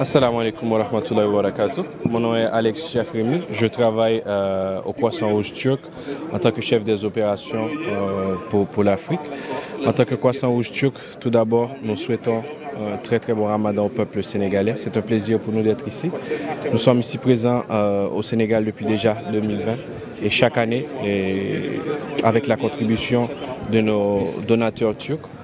Assalamu alaikum wa rahmatullahi wa barakatuh. Mon nom est Alex Chakrimi. Je travaille euh, au Croissant Rouge Turc en tant que chef des opérations euh, pour, pour l'Afrique. En tant que Croissant Rouge Turc, tout d'abord, nous souhaitons un euh, très très bon ramadan au peuple sénégalais. C'est un plaisir pour nous d'être ici. Nous sommes ici présents euh, au Sénégal depuis déjà 2020 et chaque année, et avec la contribution de nos donateurs turcs,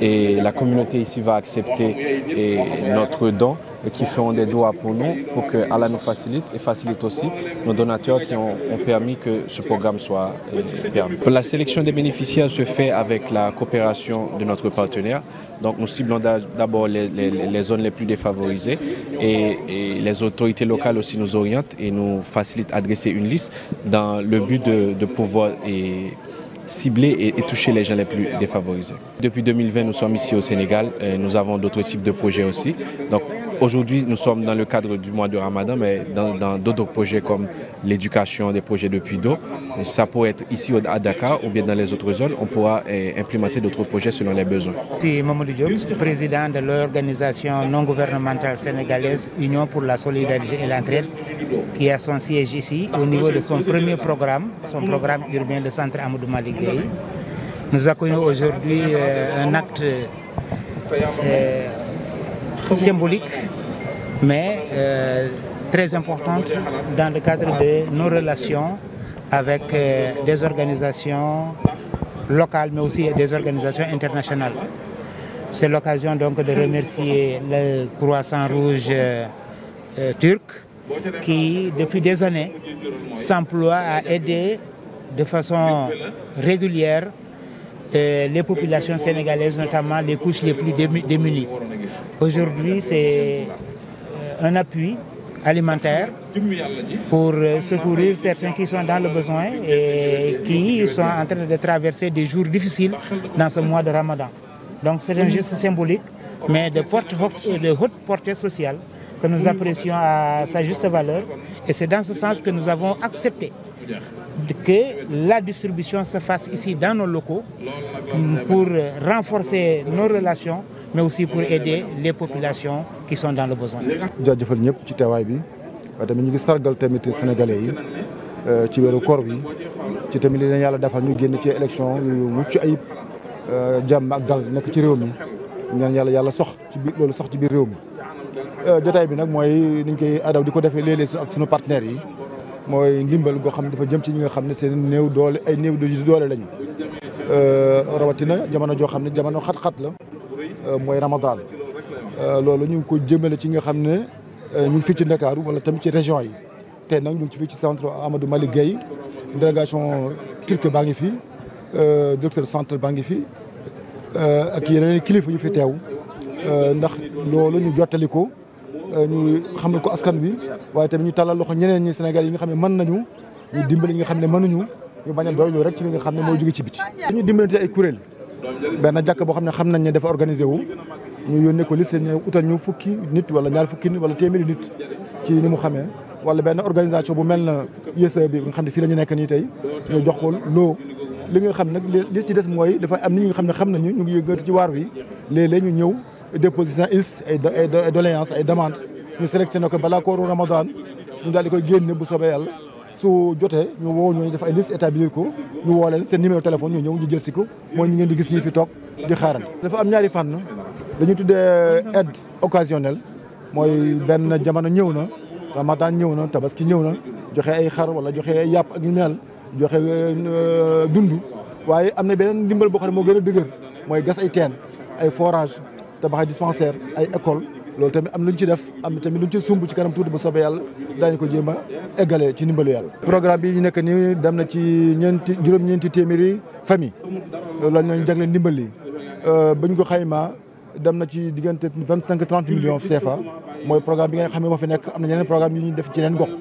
Et la communauté ici va accepter et notre don qui feront des doigts pour nous, pour que Allah nous facilite et facilite aussi nos donateurs qui ont, ont permis que ce programme soit euh, permis. La sélection des bénéficiaires se fait avec la coopération de notre partenaire. Donc nous ciblons d'abord les, les, les, zones les plus défavorisées et, et, les autorités locales aussi nous orientent et nous facilitent à dresser une liste dans le but de, de pouvoir... Et, cibler et, et, toucher les gens les plus défavorisés. Depuis 2020, nous sommes ici au Sénégal. Et euh, nous avons d'autres types de projets aussi. Donc aujourd'hui, nous sommes dans le cadre du mois de Ramadan, mais dans d'autres projets comme l'éducation des projets de puits d'eau. Ça pourrait être ici à Dakar ou bien dans les autres zones. On pourra eh, implémenter d'autres projets selon les besoins. président de l'organisation non gouvernementale sénégalaise Union pour la solidarité et l'entraide, qui a son siège ici au niveau de son programme, son programme urbain de centre Amadou Malik Gueye. Nous accueillons aujourd'hui euh, un acte euh, symbolique, mais euh, très importante dans le cadre de nos relations avec euh, des organisations locales mais aussi des organisations internationales. C'est l'occasion donc de remercier le Croissant Rouge euh, euh, turc qui depuis des années s'emploie à aider de façon régulière euh, les populations sénégalaises, notamment les couches les plus démunies. Aujourd'hui, c'est euh, un appui alimentaire pour euh, secourir certains qui sont dans le besoin et qui sont en train de traverser des jours difficiles dans ce mois de Ramadan. Donc c'est un geste symbolique, mais de, porte, de haute portée sociale que nous apprécions à sa juste valeur. Et c'est dans ce sens que nous avons accepté que la distribution se fasse ici dans nos locaux pour renforcer nos relations mais aussi pour aider les populations qui sont dans le besoin. ñëpp ci teewaay bi waaye tamit ñu ngi sargal tamit sénégalais yi euh, ci weeru koor bi ci tamit li leen yàlla defal ñu génn ci élection yu mucc ayib euh, jàmm ak dal nekk ci réew mi ñaan yàlla yàlla sox ci biir loolu sox ci biir réew mi. Euh, jotaay bi nag mooy niñ koy adaw di ko defee léeg-léeg ak suñu partenaires yi mooy ndimbal goo xam ne dafa jëm ci ñi nga xam ne seen néew doole ay néew du doole lañu rawatina jamono joo xam ne jamono xat-xat la. Euh, mooy Ramadan euh, loolu ñu ngi ko jëmale ci nga xam ne euh, ñu fii ci Ndakaaru wala tamit ci région yi te nag ñu ci fii ci centre Amadou Malick Guèye délégation turque baa ngi fi directeur centre baa ngi fi ak yeneen kilifa yu fi teew ndax loolu ñu jottali ko ñu ne ko askan wi waaye tamit ñu tàllal loxo ñeneen ñi Sénégal yi nga xam ne mën nañu ñu dimbali yi nga xam ne mënuñu ñu bañ a doylu rek ci li nga xam ne mooy jóge ci biti. dañuy dimbalante ay kuréel. benn jàkk boo xam ne xam nañ ne dafa organisé wu ñu yónnee ko liste ñu utal ñu fukki nit wala ñaar fukki nit wala téeméeri nit ci ni mu xamee wala benn organisation bu mel na USAID bi nga xam ne fii la ñu nekk nii tey ñu jox ko loo li nga xam nag li ci des mooy dafa am nit ñi nga xam ne xam nañu ñu ngi yëngatu ci waar wi léeg-léeg ñu ñëw déposer seen liste ay doléance ay demande ñu sélectionné ko balaa kooru Ramadan ñu daal di koy génne bu soobee yàlla su jotee ñu woo ñooñu def ay liste établir ko ñu woo leen seen numéro téléphone ñu ñëw ñu jël si ko mooy ñu ngeen di gis ñii fi toog di xaarante. dafa am ñaari fànn dañuy tuddee aide occasionnelle mooy benn jamono ñëw na ramadan ñëw na tabaski ñëw na joxe ay xar wala joxe ay yàpp ak yu joxe euh, dund waaye am na beneen ndimbal boo xam ne moo gën a dëgër mooy gas ay teen ay forage tabax ay dispensaire ay école loolu tamit am lu ñu ci def am tamit lu ñu ci sumb ci kanam tuuti bu soobee yàlla daañu ko jéem a eggale ci ndimbalu yàlla. programme bi ñu nekk nii dem na ci ñeenti juróom-ñeenti téeméeri famille la ñooñu jagle ndimbal yi ba ñu ko xaymaa dem na ci diggante vingt cinq trente millions CFA mooy programme bi nga xam ne moo fi nekk am na yeneen programme yu ñuy def ci yeneen gox.